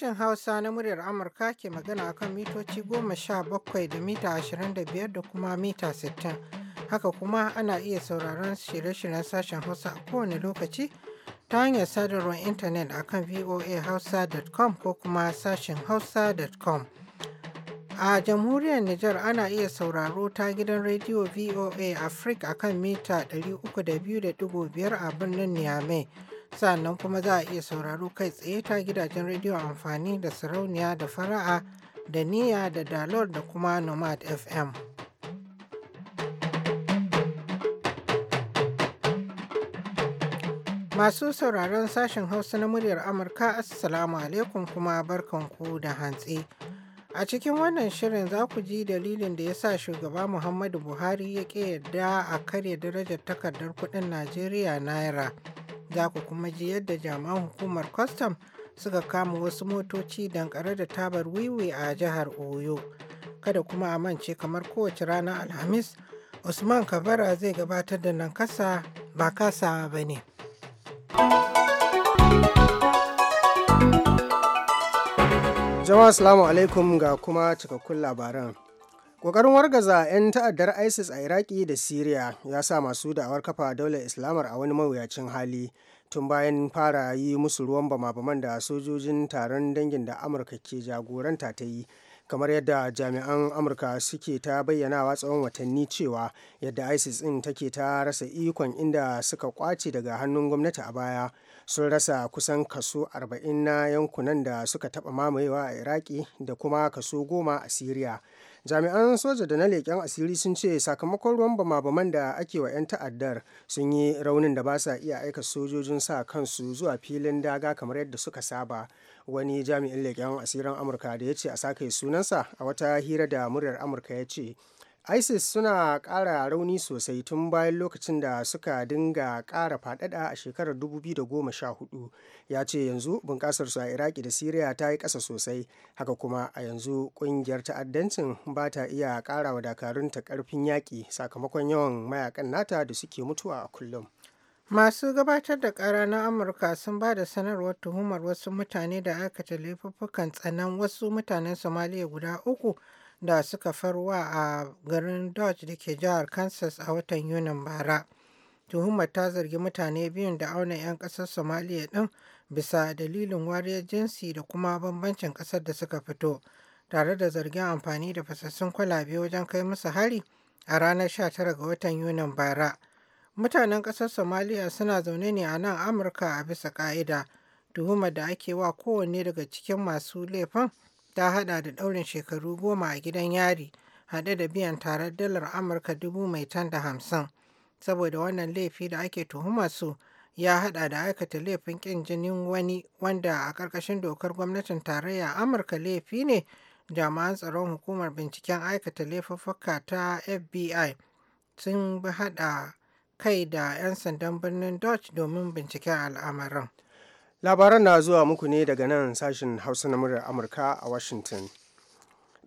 Sashen Hausa na muryar Amurka ke magana kan mitoci goma sha bakwai da mita ashirin da biyar da kuma mita sittin. Haka kuma ana iya sauraron shirye-shiryen sashen Hausa a kowane lokaci ta hanyar sadarwar intanet akan voahausa.com ko kuma sashen hausa.com. A jamhuriyar Nijar ana iya sauraro ta gidan rediyo VOA Africa akan mita 302.5 a birnin Niamey. sannan kuma za a iya sauraro kai tsaye ta gidajen rediyo amfani da sarauniya da fara'a da niya da dalor da kuma nomad fm masu sauraron sashen hausa na muryar amurka assalamu alaikum kuma barkanku da hantsi a cikin wannan shirin za ku ji dalilin da ya sa shugaba muhammadu buhari ya ƙi yarda a karya darajar takardar kuɗin najeriya naira Za ku kuma ji yadda jami'an hukumar kwastam suka kama wasu motoci dankare da tabar wiwi a jihar Oyo. Kada kuma a mance kamar kowace ranar Alhamis, Usman Kabara zai gabatar da nan kasa ba kasa ba ne. Jama'a salamu alaikum ga kuma cikakkun labaran. Ƙoƙarin wargaza 'yan ta'addar ISIS a Iraki da Siriya ya sa masu da'awar kafa daular Islamar a wani mawuyacin hali tun bayan fara yi musu ruwan bama-baman da sojojin taron dangin da Amurka ke jagoranta ta yi. kamar yadda jami'an amurka suke ta bayyanawa tsawon watanni cewa yadda isis ɗin take ta rasa ikon inda suka kwace daga hannun gwamnati a baya sun rasa kusan kaso 40 na yankunan da suka taɓa mamayewa a iraki da kuma kaso goma a siriya jami'an soja da na leƙen asiri sun ce sakamakon ruwan bama-baman da ake wa 'yan ta'addar sun yi raunin da ba sa iya aika sojojin sa kansu zuwa filin daga kamar yadda suka saba wani jami'in leƙen asirin amurka da ya ce a sake sunansa a wata hira da muryar amurka ya ce isis suna kara rauni sosai tun bayan lokacin da suka dinga kara fadada a shekarar 2014 ya ce yanzu bunƙasarsu a iraki da siriya ta yi kasa sosai haka kuma a yanzu kungiyar ta'addancin ba ta iya kara wa dakarunta karfin yaƙi sakamakon yawan mayakan nata da suke mutuwa a kullum masu gabatar da kara na amurka sun ba da sanarwar tuhumar wasu mutane da aikata laifuffukan tsanan wasu mutanen somaliya guda uku da suka farwa a garin Dodge da ke jihar Kansas a watan Yunin bara. Tuhumar ta zargi mutane biyun da auna 'yan kasar Somaliya din bisa dalilin wariyar jinsi da kuma bambancin kasar da suka fito, tare da zargin amfani da fasassun kwalabe wajen kai musu hari a ranar 19 ga watan Yunin bara. Mutanen ƙasar Somaliya suna zaune ne a nan Amurka a bisa ƙa'ida, tuhumar da ake wa kowanne daga cikin masu laifin ta haɗa da ɗaurin shekaru goma a gidan yari haɗe da biyan tarar dalar Amurka dubu mai tan da hamsin. Saboda wannan laifi da ake tuhuma su ya haɗa da aikata laifin kin jinin wani wanda a ƙarƙashin dokar gwamnatin tarayya Amurka laifi ne jami'an tsaron hukumar binciken aikata laifuffuka ta FBI sun haɗa kai da 'yan sandan birnin Dutch domin binciken al'amarin. labaran na zuwa muku ne daga nan sashen hausa na murar amurka a washington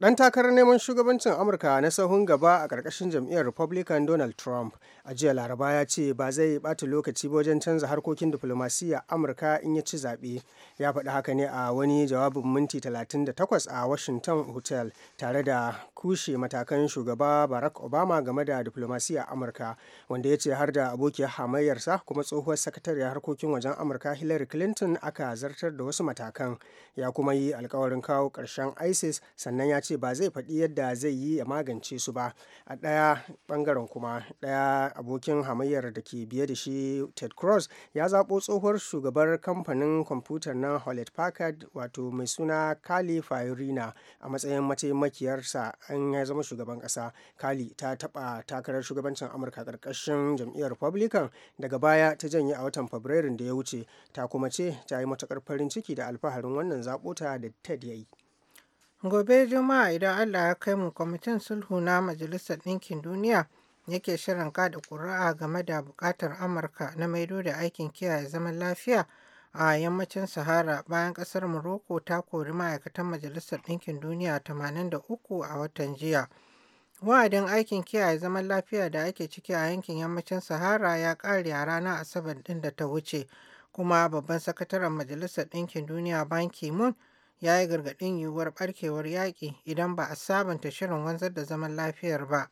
Ɗan takarar neman shugabancin Amurka na sahun gaba a ƙarƙashin jam'iyyar Republican Donald Trump a jiya Laraba ya ce ba zai ɓata lokaci wajen canza harkokin diplomasiyya Amurka in ya ci zaɓe. Ya faɗi haka ne a wani jawabin minti 38 a Washington Hotel tare da kushe matakan shugaba Barack Obama game da diplomasiyya Amurka wanda ya ce har da abokiyar hamayyarsa kuma tsohuwar sakatariyar harkokin wajen Amurka Hillary Clinton aka zartar da wasu matakan. Ya kuma yi alkawarin kawo ƙarshen ISIS sannan ya ce ce ba zai faɗi yadda zai yi ya magance su ba a ɗaya ɓangaren kuma ɗaya abokin hamayyar da ke biye da shi ted cross ya zaɓo tsohuwar shugabar kamfanin kwamfutar na hollet packard wato mai suna kali fairina a matsayin mataimakiyarsa an ya zama shugaban ƙasa kali ta taɓa takarar shugabancin amurka ƙarƙashin jam'iyyar republican daga baya ta janye a watan fabrairun da ya wuce ta kuma ce ta yi matuƙar farin ciki da alfaharin wannan zaɓota da ted ya yi Gobe Juma'a idan Allah ya kai mu kwamitin sulhu na Majalisar Ɗinkin Duniya yake shirin kada ƙuri'a game da buƙatar Amurka na maido da aikin kiyaye zaman lafiya a yammacin Sahara bayan ƙasar Morocco ta kori ma'aikatan Majalisar Ɗinkin Duniya 83 a watan jiya. Wa'adin aikin kiyaye zaman lafiya da ake ciki a yankin yammacin Sahara ya ƙare a ranar Asabar ɗin da ta wuce, kuma babban sakataren Majalisar Ɗinkin Duniya Ban Ki-moon ya yi gargaɗin yiwuwar ɓarkewar yaƙi idan ba a sabunta shirin wanzar da zaman lafiyar ba.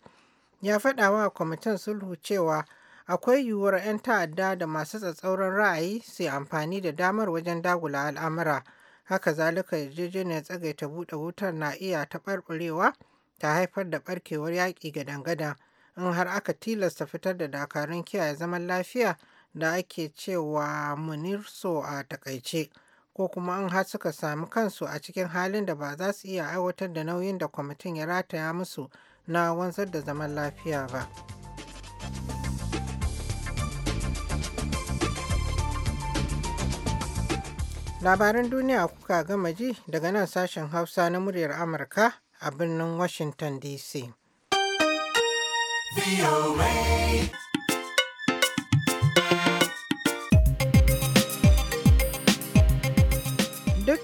Ya faɗa wa kwamitin sulhu cewa akwai yiwuwar 'yan ta'adda da masu tsatsauran ra'ayi su amfani da damar wajen dagula al'amura. Haka zalika yarjejeniyar tsagaita buɗe wutar na iya taɓarɓarewa ta haifar da ɓarkewar yaƙi ga dangada in har aka tilasta fitar da dakarun kiyaye zaman lafiya da ake cewa munirso a takaice. ko kuma an har suka samu kansu a cikin halin da ba za su iya aiwatar da nauyin da kwamitin ya rataya musu na wanzar da zaman lafiya ba. Labaran duniya kuka gama ji daga nan sashen Hausa na muryar Amurka a birnin Washington DC.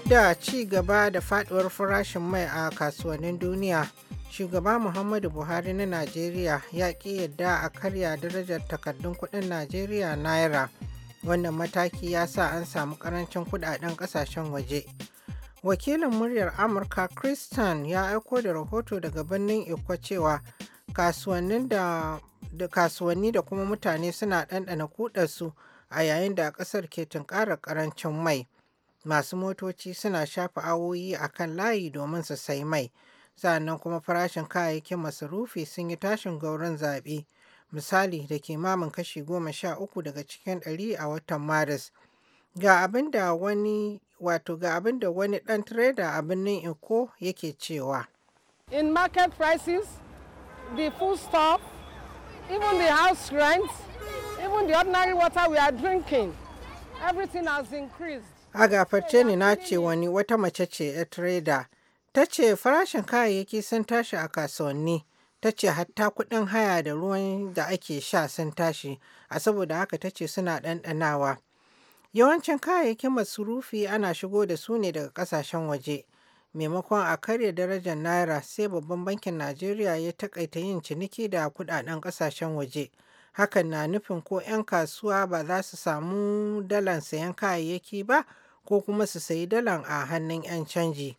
da ci gaba da faduwar farashin mai a kasuwannin duniya shugaba muhammadu buhari na najeriya ya ƙi yadda a karya darajar takardun kuɗin najeriya naira wannan mataki ya sa an samu ƙarancin kuɗaɗen ƙasashen waje wakilin muryar amurka christian ya aiko da rahoto daga birnin iko cewa kasuwanni da, kuma mutane suna ɗanɗana kuɗarsu a yayin da ƙasar ke tunkarar ƙarancin mai. masu motoci suna shafa awoyi a kan layi domin su sai mai sannan kuma farashin kayayyakin masarufi sun yi tashin gauron zaɓe misali da kimamin kashi goma sha uku daga cikin ɗari a watan maris ga abin da wani wato ga abin da wani ɗan tireda a birnin inko yake cewa in market prices the food stuff even the house rent even the ordinary water we are drinking everything has increased a gafarce ni na ce wani wata mace ce a trader ta ce farashin kayayyaki sun tashi a kasuwanni ta ce hatta kuɗin haya da ruwan da ake sha sun tashi a saboda haka ta ce suna ɗanɗanawa yawancin kayayyakin masurufi ana shigo da su ne daga ƙasashen waje maimakon a karya darajar naira sai babban bankin najeriya ya takaita yin ciniki da kudaden kasashen waje hakan na nufin ko 'yan kasuwa ba za su samu dalan sayan kayayyaki ba ko kuma su sayi dalan a hannun 'yan canji.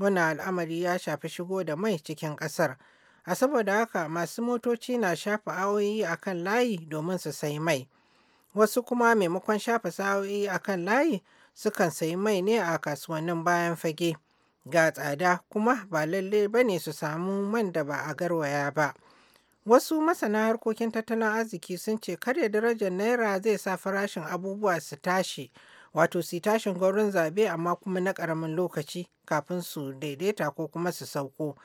Wannan al'amari ya shafi shigo da mai cikin ƙasar. A saboda haka masu motoci na shafa awoyi a kan layi domin su sayi mai. Wasu kuma maimakon shafa sa'o'i a kan layi sukan sayi mai ne a kasuwannin bayan fage. Ga tsada kuma ba lalle ba ne su samu man da ba a garwaya ba. Wasu masana harkokin tattalin arziki sun ce karya darajar Naira zai sa farashin abubuwa su tashi wato su tashin gwauron zabe amma kuma na karamin lokaci kafin su daidaita ko kuma su sauko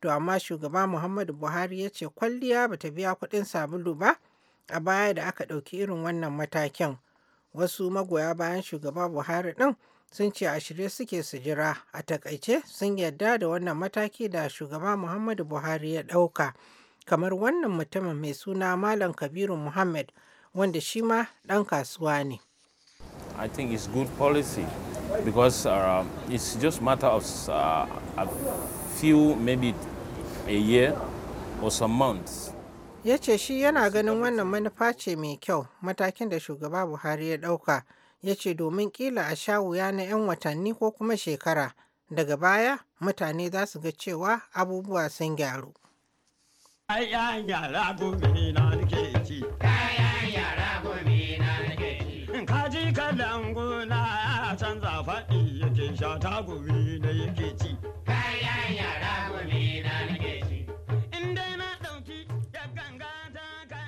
to amma shugaba muhammadu buhari ya ce kwalliya ba bata biya kuɗin sabulu ba a baya da aka ɗauki irin wannan matakin wasu magoya bayan shugaba buhari ɗin sun ce a shirye suke su jira a takaice sun yarda da wannan mataki da shugaba muhammadu buhari ya ɗauka kamar wannan mutumin mai suna malam kabiru muhammad wanda shi ma ɗan kasuwa ne I think it's good policy because uh, it's just matter of uh, a few maybe a year or some months. Ya ce shi yana ganin wannan manufa ce mai kyau matakin da shugaba Buhari ya dauka ya ce domin kila a sha wuya na 'yan watanni ko kuma shekara daga baya mutane za su ga cewa abubuwa sun gyaru. Ai, gyara na nake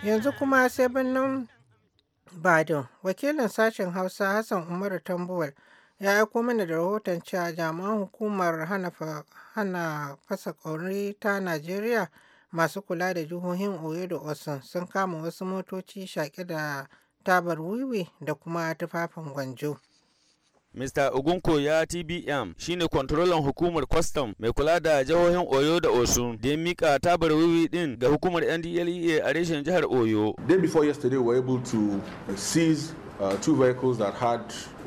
Yanzu kuma sai birnin Badun, wakilin sashen Hausa Hassan Umaru Tambuwal ya aiko mana da rahoton cewa jami'an hukumar hana fasa kauri ta Najeriya masu kula da jihohin Oyo da Osun sun kama wasu motoci shaƙe da tabar wiwi da kuma tufafin gwanjo. Mr. Ogunkoya TBM shine kwantarolan hukumar kwastam mai kula da jihohin Oyo da Osun da ya mika tabar wiwi din ga hukumar NDLEA a reshen jihar Oyo. Day before yesterday we were able to uh, seize uh, two vehicles that had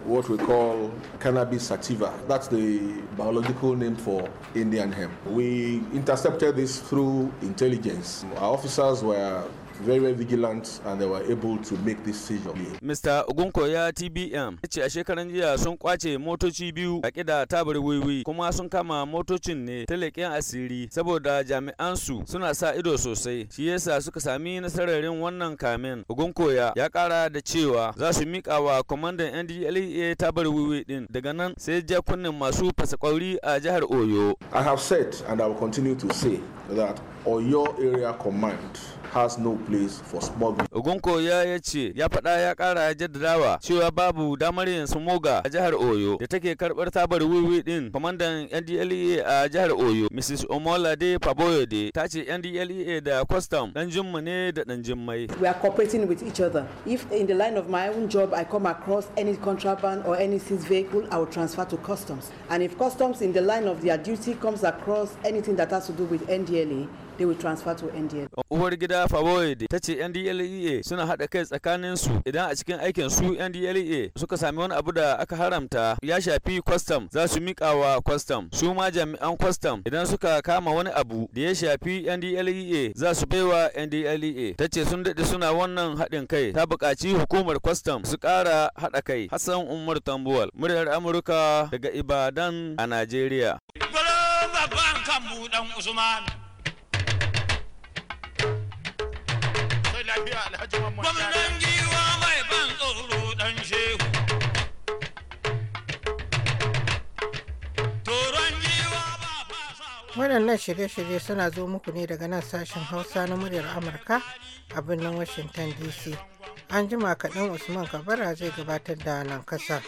what we call cannabis sativa. That's the biological name for Indian hemp. We intercepted this through intelligence. Our officers were very, very vigilant and they were able to make this seizure. Mr. Ogunkoya TBM ya ce a shekaran jiya sun kwace motoci biyu a kida tabar wiwi kuma sun kama motocin ne ta leƙen asiri saboda jami'an su suna sa ido sosai shi yasa suka sami nasarar yin wannan kamen. Ogunkoya ya kara da cewa za su mika wa kwamandan NDLEA tabar wiwi din daga nan sai jakunan masu fasa a jihar Oyo. I have said and I will continue to say that Oyo Area Command has no place for smuggling. ogunko ya ce ya faɗa ya kara ya jaddadawa cewa babu damar yin smoga a jihar Oyo da take karbar tabar wiwi din kwamandan NDLEA a jihar Oyo Mrs. Omolade Faboyode ta ce NDLEA da custom ɗan jimma ne da ɗan jimmai. We are cooperating with each other. If in the line of my own job I come across any contraband or any seized vehicle I will transfer to customs and if customs in the line of their duty comes across anything that has to do with NDLEA they will transfer to NDL. Uwar gida Faboyede ta ce NDLEA suna haɗa kai tsakanin su idan a cikin aikin su NDLEA suka sami wani abu da aka haramta ya shafi kwastam za su miƙa wa kwastam su ma jami'an Custom idan suka kama wani abu da ya shafi NDLEA za su baiwa NDLEA ta ce sun daɗe suna wannan haɗin kai ta buƙaci hukumar Custom su ƙara haɗa kai Hassan Umar Tambuwal muryar Amurka daga Ibadan a Najeriya. Gwalo babban kan buɗan Usman. Gwamnan giwa mai ban tsoro dan shehu. Waɗannan shirye-shirye suna zo muku ne daga nan sashen Hausa na muryar Amurka a birnin Washington DC. An jima kaɗan Usman Kabara zai gabatar da nan kasa.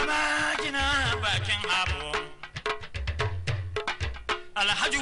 mamaki bakin abu alhaji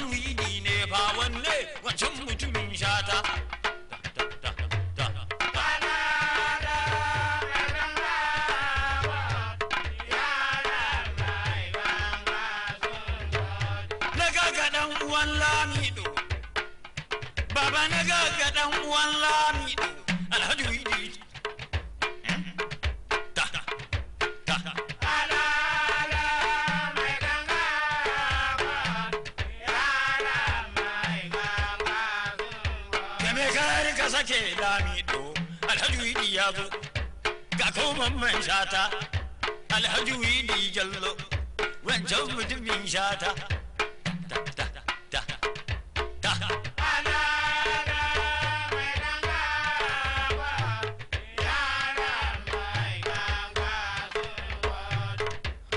maulidi ne fa wanne mutumin shata Baba naga gaga ɗan uwan معكوما من شاتا الحجويدي جلو وين جمد من شاتا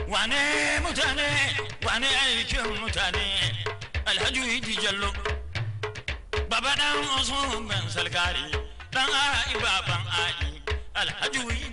وانا متاني وانا الكم متاني الحجويدي جلو بابا دام نعم اصوم بن سلكاري دان نعم اي بابا اي الحجويدي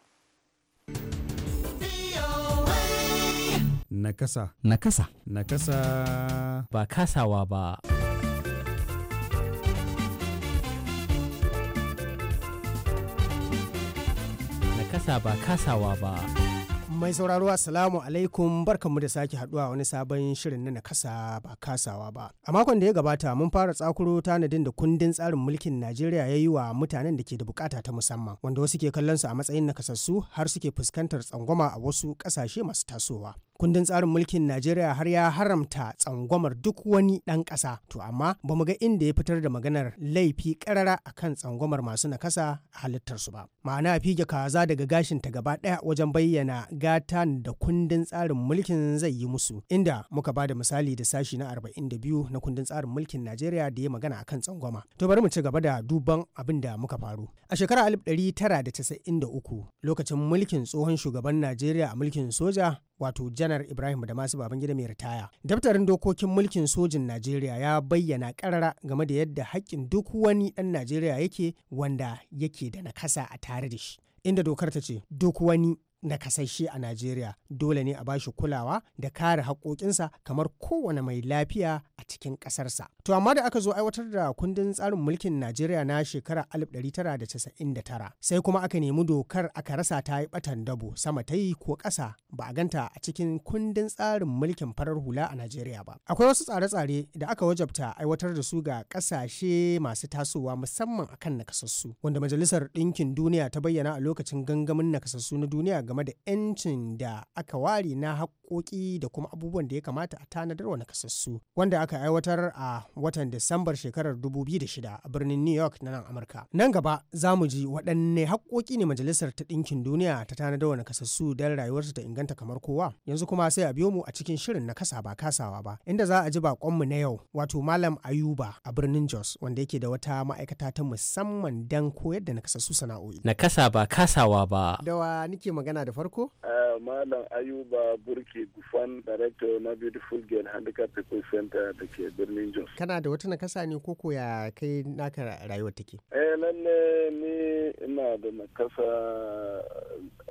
Nakasa. Nakasa. Nakasa. Ba kasawa ba. Nakasa ba kasawa ba. Mai sauraro Assalamu alaikum barkanmu da sake haduwa wani sabon shirin na nakasa ba kasawa ba. A makon da ya gabata mun fara tsakuro tanadin da kundin tsarin mulkin Najeriya ya yi wa mutanen da ke da bukata ta musamman wanda wasu ke kallon su a matsayin nakasassu har suke fuskantar tsangwama a wasu kasashe masu tasowa. kundin tsarin mulkin najeriya har ya haramta tsangwamar duk wani ɗan ƙasa to amma ba mu ga inda ya fitar da maganar laifi ƙarara kan tsangwamar masu nakasa a halittarsu ba ma'ana fige kaza daga gashin ta gaba ɗaya wajen bayyana gata da kundin tsarin mulkin zai yi musu inda muka ba da misali da sashi na 42 na kundin tsarin mulkin najeriya da ya magana akan tsangwama to bari mu ci gaba da duban abin da muka faru a shekarar 1993 lokacin mulkin tsohon shugaban najeriya a mulkin soja wato janar ibrahim da masu baban gida mai ritaya daftarin dokokin mulkin sojin najeriya ya bayyana karara game da yadda haƙƙin duk wani ɗan najeriya yake wanda yake da nakasa a tare da shi inda dokar ta ce duk wani nakasashe a Najeriya dole ne a ba shi kulawa da kare haƙoƙinsa kamar kowane mai lafiya a cikin ƙasarsa. To amma da aka zo aiwatar da kundin tsarin mulkin Najeriya na shekarar 1999 sai kuma aka nemi dokar aka rasa ta yi ɓatan dabo sama ta yi ko ƙasa ba a ganta a cikin kundin tsarin mulkin farar hula a Najeriya ba. Akwai wasu tsare-tsare da aka wajabta aiwatar da su ga ƙasashe masu tasowa musamman akan nakasassu wanda Majalisar Ɗinkin Duniya ta bayyana a lokacin gangamin nakasassu na duniya game da 'yancin da aka ware na haƙoƙi da kuma abubuwan da ya kamata a tanadarwa na kasassu wanda aka aiwatar a watan Disambar shekarar 2006 a birnin New York na nan Amurka. Nan gaba za mu ji waɗanne haƙoƙi ne Majalisar ta Ɗinkin Duniya ta tanadarwa na kasassu don rayuwarsu ta inganta kamar kowa. Yanzu kuma sai a biyo mu a cikin shirin na kasa ba kasawa ba inda za a ji baƙonmu na yau wato Malam Ayuba a birnin Jos wanda yake da wata ma'aikata ta musamman don koyar da nakasassu sana'o'i. Nakasa ba kasawa ba. Dawa nike magana magana da farko? Eh, Malam Ayuba Burki Gufan, Director na Beautiful Girl Handicap People Center da ke birnin Jos. Kana da wata nakasa ne koko ya kai naka rayuwar take? Eh lalle ni ina da nakasa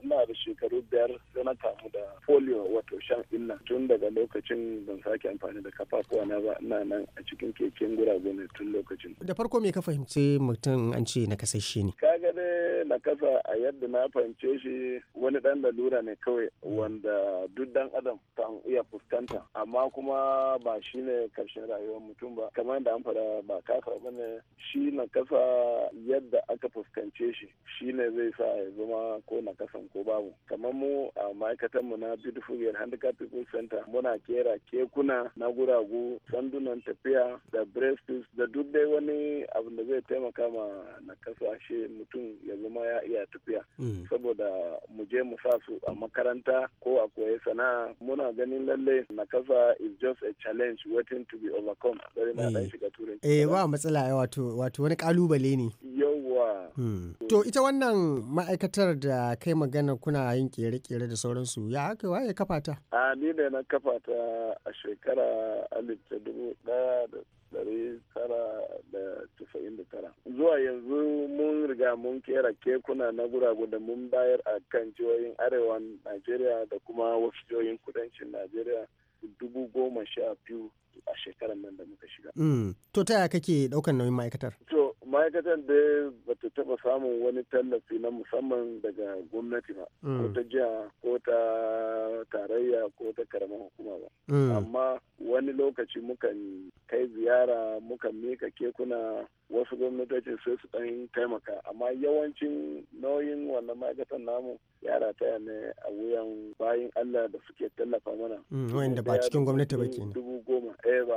ina da shekaru biyar da na kamu da polio wato shan inna tun daga lokacin ban sake amfani da kafafuwa na ba ina nan a cikin keken guragu ne tun lokacin. Da farko me ka fahimci mutum an ce na shi ne? Kaga da na kasa a yadda na fahimce shi wani dan lalura ne kawai wanda duk dan adam kan iya fuskanta amma kuma ba shi ne karshen rayuwar mutum ba kamar da an fara ba kafa ba ne shi na kasa yadda aka fuskance shi shi ne zai sa ya zama ko na kasan ko babu kamar mu a ma'aikatan mu na beautiful year handicap people center muna kera kekuna na guragu sandunan tafiya da braces da duk dai wani abu da zai taimaka ma na kasashe mutum ya zama ya iya tafiya hmm. saboda mu je mu sa su a makaranta ko a koyi sana'a muna ganin lalle na kasa is just a challenge waiting to be overcome bari na dan hmm. shiga eh ba matsala wato wato wani kalubale ne yawwa hmm. to ita wannan ma'aikatar da kai magana maganar kuna yin kere-kere da sauransu ya haka waye kafa ta a ni ne na kafa ta a shekara alif ta dubu daya da dari tara da tufa'in da tara zuwa yanzu mun riga mun kera kekuna na guragu da mun bayar a kan jihohin arewa najeriya da kuma wasu jihohin kudancin najeriya dubu goma sha biyu a shekarar nan da muka shiga. Mm. To ta yaya kake ɗaukar nauyin ma'aikatar? To ma'aikatar da ba ta taɓa samun wani tallafi na musamman daga gwamnati ba, ko mm. ta jiha ko ta tarayya ko ta karamar hukuma ba. Mm. Amma wani lokaci mukan kai ziyara mukan mika kekuna wasu gwamnatoci sai su ɗan taimaka amma yawancin nauyin wannan ma'aikatan namu yara taya ne a wuyan bayan Allah da suke tallafa mana. Wanda ba cikin gwamnati ba ke Dubu goma Eh, eh. ba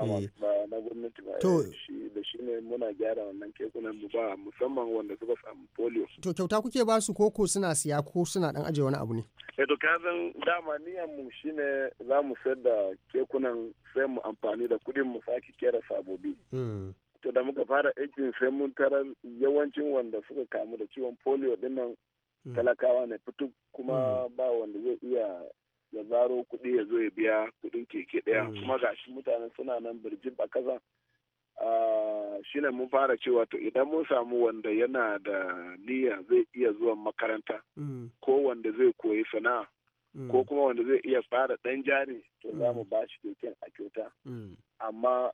na gwamnati ba eh, shi da shi ne muna gyara wannan kekunan mu ba musamman wanda suka samu polio to kyauta kuke ba su ko ko suna siya ko suna dan aje wani abu ne eh to kazan dama niyan mu shine za mu sayar da kekunan sai mu amfani da kudin mu sake kera sabobi hmm. to da muka fara aikin sai mun tarar yawancin wanda suka kamu da ciwon polio dinnan hmm. talakawa ne fitu kuma hmm. ba wanda zai iya ya zaro kuɗi ya zo ya biya kuɗin keke ɗaya mm. kuma ga shi mutane suna nan birjin a kasa ah, shi ne mun fara cewa to idan mun samu wanda yana da niyya zai iya zuwa makaranta mm. ko wanda zai koyi sana'a mm. ko kuma wanda zai iya fara ɗan jari to za mu ba shi keken a kyauta amma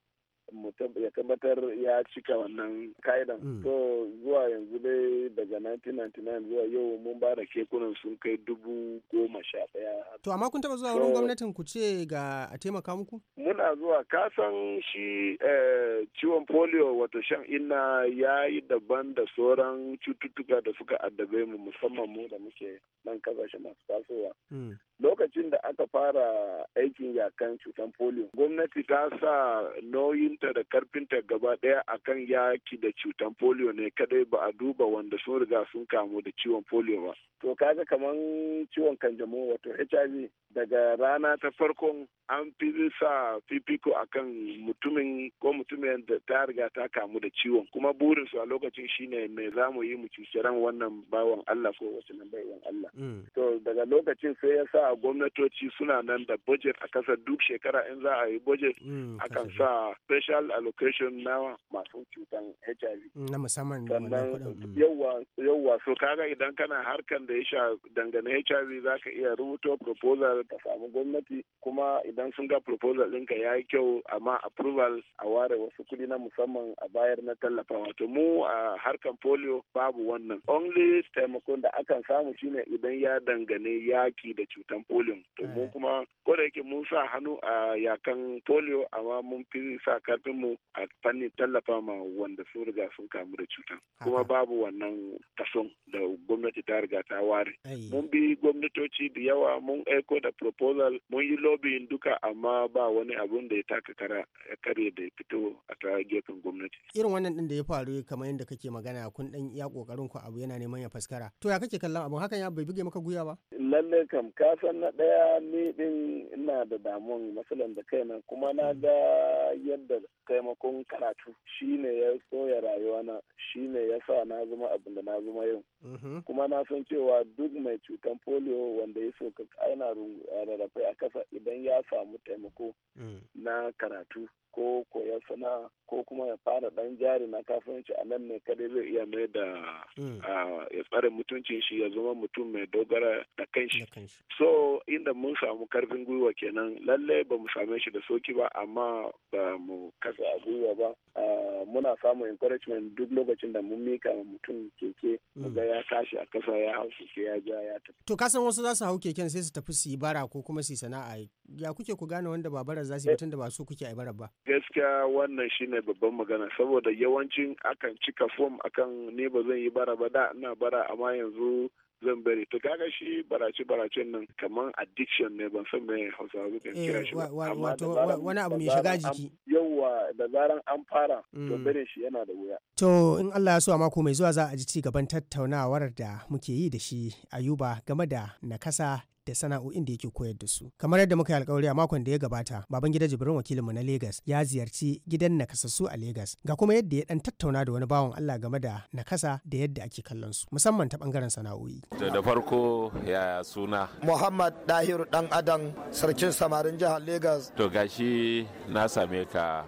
ya tabbatar ya cika wannan ka'idan. Mm. To zuwa yanzu dai daga 1999 zuwa yau mun ba da kekunan sun kai dubu goma sha ɗaya. To amma kun taɓa zuwa wurin gwamnatin ku ce ga a taimaka muku? Muna zuwa kasan shi eh, ciwon polio wato shan ina ya yi daban da sauran cututtuka da suka addabe mu musamman mu da muke nan kasashe masu tasowa. Mm. lokacin da aka fara aikin yakan cutan polio gwamnati ta sa nauyinta da karfinta gaba daya akan yaki da cutan polio ne kadai ba a duba wanda sun riga sun kamu da ciwon polio ba to kaga kaman ciwon kanjamau wato hiv daga rana ta farkon an fi sa fifiko akan mutumin ko mutumin da ta riga ta kamu da ciwon kuma burinsu a lokacin shine mai za mu yi mu wannan bawan allah ko wasu nan baiwan allah mm. to daga lokacin sai ya sa a gwamnatoci suna nan da budget a kasa duk shekara in za a yi budget mm, a kan sa special allocation na masu cutan HIV. Na musamman kudin. Mm. yawwa so kaga idan kana harkan da ya sha dangane HIV za ka iya rubuto proposal ka samu gwamnati kuma idan sun ga proposal ɗinka ya yi kyau amma approval a ware wasu kuɗi na musamman a bayar na tallafa wato mu a harkan polio babu wannan. Only taimakon da akan samu shine idan ya dangane yaki da cutan wannan polio to mu eh. kuma ko da yake mun sa hannu a yakan polio amma mun fi sa karfin mu a fannin tallafa ma wanda sun riga sun kamu da cutan kuma babu wannan kason da gwamnati ta riga ta ware mun bi gwamnatoci da yawa mun aiko da proposal mun yi lobbying duka amma ba wani abun da ya taka kara kare da ya fito a ta gefen gwamnati irin wannan din da ya faru kamar yadda kake magana kun dan iya kokarin ku abu yana neman ya faskara to ya kake kallon abu hakan ya bai buge maka guya ba lalle kam kasa kusan na ɗaya ni ɗin ina da damuwan matsalan da kaina kuma na mm. ga yadda taimakon karatu shine ya tsoya shi shine ya sa na zama abin da na zama yau mm-hmm. kuma na san cewa duk mai cutan polio wanda ya soka aina rarrafai a kasa idan ya samu taimako mm. na karatu ko koya sana'a ko kuma ya fara dan jari na kasuwanci a nan ne kadai zai iya mai da mm. ya tsare mutuncin shi ya zama mutum mai dogara da kanshi so inda mun samu karfin gwiwa kenan lalle ba mu same shi da soki ba amma ba mu kasa gwiwa ba muna samun encouragement duk lokacin da mun mika mutum keke mm. ga ya tashi a kasa ya hau keke ya ja ya tafi to kasan wasu za su hau keken sai su tafi su yi bara ko kuma su yi sana'a ya kuke ku gane wanda ba bara za su yi eh. tun da ba su kuke a bara ba gaskiya wannan shine babban magana saboda yawancin akan cika fom akan ne ba zan yi bara ba da ina bara amma yanzu zan bari to kaga shi barace baracen nan kamar addiction ne ban san me Hausawa suka eh, kira shi wani abu mai shiga jiki yawa da zaran an fara to mm. barin shi yana da wuya to in Allah ya so a mako mai zuwa za a ji ci gaban tattaunawar da muke yi da shi Ayuba game da nakasa da sana'o'in da yake koyar da su kamar yadda muka yi alkawari a makon da ya gabata baban gida jibrin wakilinmu na Legas ya ziyarci gidan nakasassu a Legas ga kuma yadda ya dan tattauna da wani bawan Allah game da nakasa da yadda ake kallon su musamman ta bangaren sana'o'i da farko ya suna Muhammad Dahiru dan adam sarkin samarin jihar Legas to gashi na same ka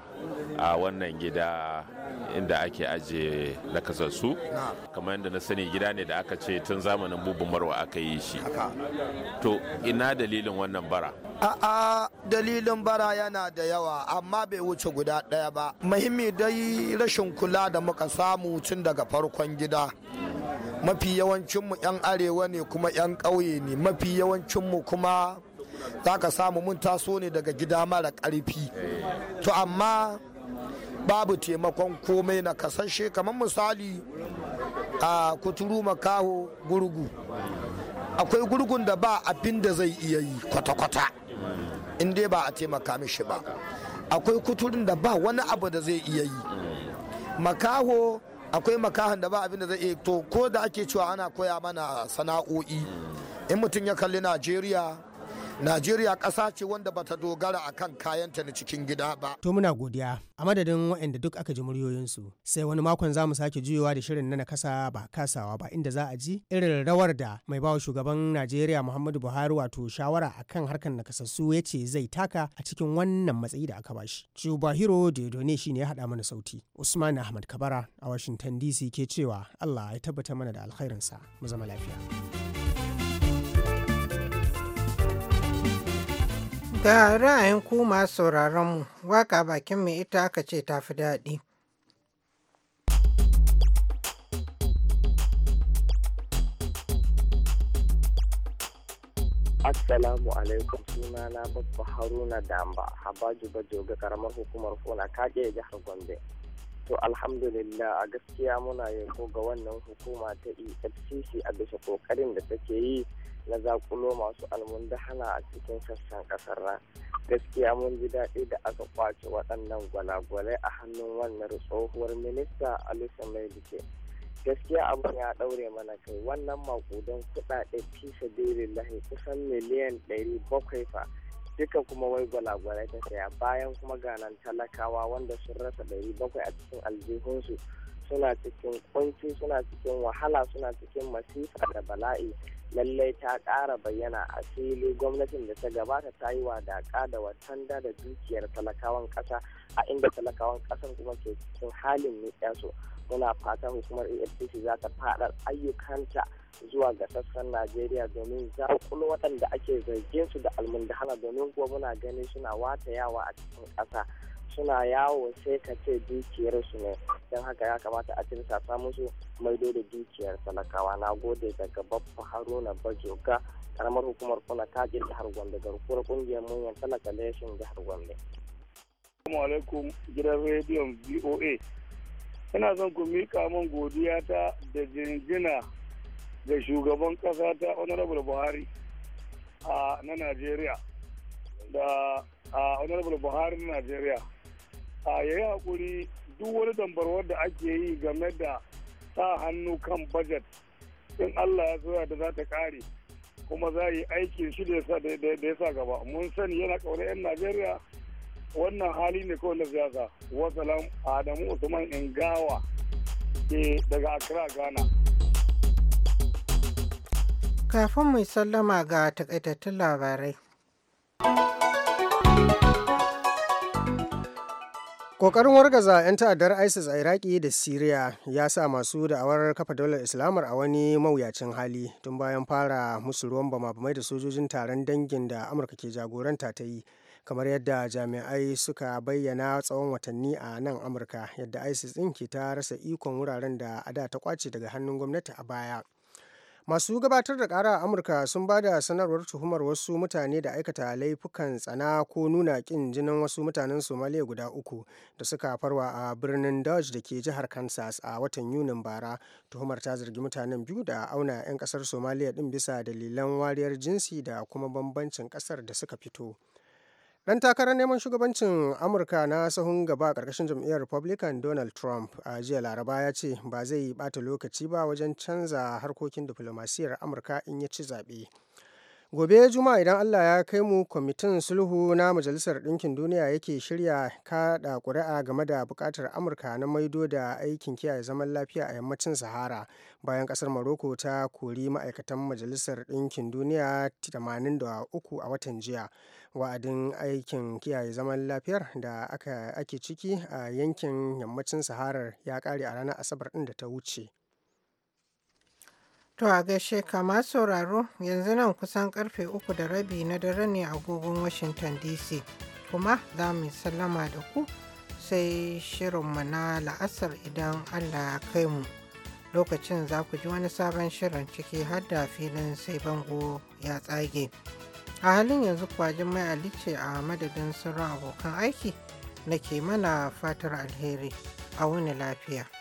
a wannan gida inda ake aje nakasassu kamar yadda na sani gida ne da aka ce tun zamanin bubu marwa aka yi shi to ina dalilin wannan bara a'a dalilin bara yana da yawa amma bai wuce guda ɗaya ba muhimmi dai rashin kula da muka samu tun daga farkon gida mafi yawancinmu 'yan arewa ne kuma 'yan ƙauye ne mafi yawancinmu kuma za ka samu mun taso ne daga gida mara ƙarfi to amma babu taimakon komai na kasashe kamar misali a kuturu makaho gurgu akwai gurgun da ba abin da zai iya yi kwata-kwata in dai ba a taimaka mishi ba akwai kuturin da ba wani abu da zai iya yi makaho akwai makahan da ba abin da zai iya to ko da ake cewa ana koya mana sana'o'i in mutum ya kalli najeriya Najeriya ƙasa ce wanda bata dogara akan kayanta na cikin gida ba. To muna godiya a madadin waɗanda duk aka ji muryoyinsu sai wani makon za mu sake juyowa da shirin na nakasa ba kasawa ba inda za a ji irin rawar da mai bawa shugaban Najeriya Muhammadu Buhari wato shawara a kan harkar nakasassu ya ce zai taka a cikin wannan matsayi da aka bashi. Chubahiro Dedone shi ne ya haɗa mana sauti. Usman Ahmad Kabara a Washington DC ke cewa Allah ya tabbata mana da alkhairinsa mu zama lafiya. Da ra'ayin kuma masu mu waka bakin mai ita aka ce ta fi daɗi. Assalamu alaikum suna na babba Haruna Damba, Habaju ga karamar hukumar Fona, kage jihar Gombe. To alhamdulillah a gaskiya muna yabo ga wannan hukuma ta EFCC a bisa kokarin da take yi na zakulo masu almundahana a cikin sassan kasar nan. Gaskiya mun ji daɗi da aka kwace waɗannan gwalagwalai a hannun wannan tsohuwar minista Alisa Mai gaskiya abin ya ɗaure mana kai wannan makudan kuɗaɗe fi sabilillahi kusan miliyan 700 fa duka kuma wai gwalagwalai ta saya bayan kuma ganan talakawa wanda sun rasa ɗari bakwai a cikin aljihunsu suna cikin kunci suna cikin wahala suna cikin masifa da bala'i lallai ta ƙara bayyana a fili gwamnatin da ta gabata ta yi wadaƙa da watanda da dukiyar talakawan ƙasa a inda talakawan ƙasar kuma ke cikin halin nitsa su muna fatan hukumar efcc za ta faɗar ayyukanta zuwa ga sassan najeriya domin zakulo waɗanda ake zargin su da almundahana domin kuwa muna ganin suna wata yawa a cikin ƙasa suna yawo sai ka ce dukiyarsu ne don haka ya kamata a cikin tirsasa musu maido da dukiyar talakawa na gode daga babba haruna bajoga karamar hukumar kuna kajin jihar gombe garkuwar kungiyar munyan talaka leshin jihar gombe Assalamu alaikum gidan rediyon VOA. Ina zan ku mika min godiya ta da jinjina da shugaban ƙasa ta honorable buhari na najeriya da honorable buhari na najeriya ya yi hakuri duk wani dambarwar da ake yi game da sa hannu kan budget in allah ya zoya da za ta kare kuma za yi aikin shi da ya sa gaba mun sani yana kaune 'yan najeriya wannan hali ne kawai na siyasa wasalam adamu usman ingawa ke eh, daga accra ghana Kafin mu sallama ga takaitattun labarai. Ƙoƙarin wargaza 'yan ta'addar ISIS a Iraki da Siriya ya sa masu da'awar kafa daular Islamar a wani mawuyacin hali tun bayan fara musu ruwan bama-bamai da sojojin taron dangin da Amurka ke jagoranta ta yi. kamar yadda jami'ai suka bayyana tsawon watanni a nan amurka yadda isis ɗin ke ta rasa ikon wuraren da a da ta kwace daga hannun gwamnati a baya Masu gabatar da kara a Amurka sun ba da sanarwar tuhumar wasu mutane da aikata laifukan tsana ko nuna kin jinin wasu mutanen Somaliya guda uku da suka farwa a birnin Dodge da ke jihar Kansas a watan Yunin bara. Tuhumar ta zargi mutanen biyu da auna 'yan kasar Somaliya din bisa dalilan wariyar jinsi da kuma bambancin kasar da suka fito. Dan takarar neman shugabancin Amurka na sahun gaba a ƙarƙashin jam'iyyar Republican Donald Trump a jiya Laraba ya ce ba zai ɓata lokaci ba wajen canza harkokin diflomasiyyar Amurka in ya ci zaɓe. gobe juma'a idan allah ya kai mu kwamitin sulhu na majalisar ɗinkin duniya yake shirya kaɗa ƙuri'a game da buƙatar amurka na maido da aikin kiyaye zaman lafiya a yammacin sahara bayan ƙasar maroko ta kori ma'aikatan majalisar ɗinkin duniya 83 a watan jiya wa'adin aikin kiyaye zaman lafiyar da ake ciki a yankin yammacin saharar ya ƙare a ranar asabar ɗin da ta wuce To a gaishe kama sauraro yanzu nan kusan karfe uku da rabi na dare ne a agogon Washington DC kuma za mu sallama da ku sai shirinmu na la'asar idan Allah ya kai mu. Lokacin za ku ji wani sabon shirin ciki har da filin sai bango ya tsage. A halin yanzu kwajin mai alice a madadin sauran abokan aiki nake mana fatar alheri a wani lafiya.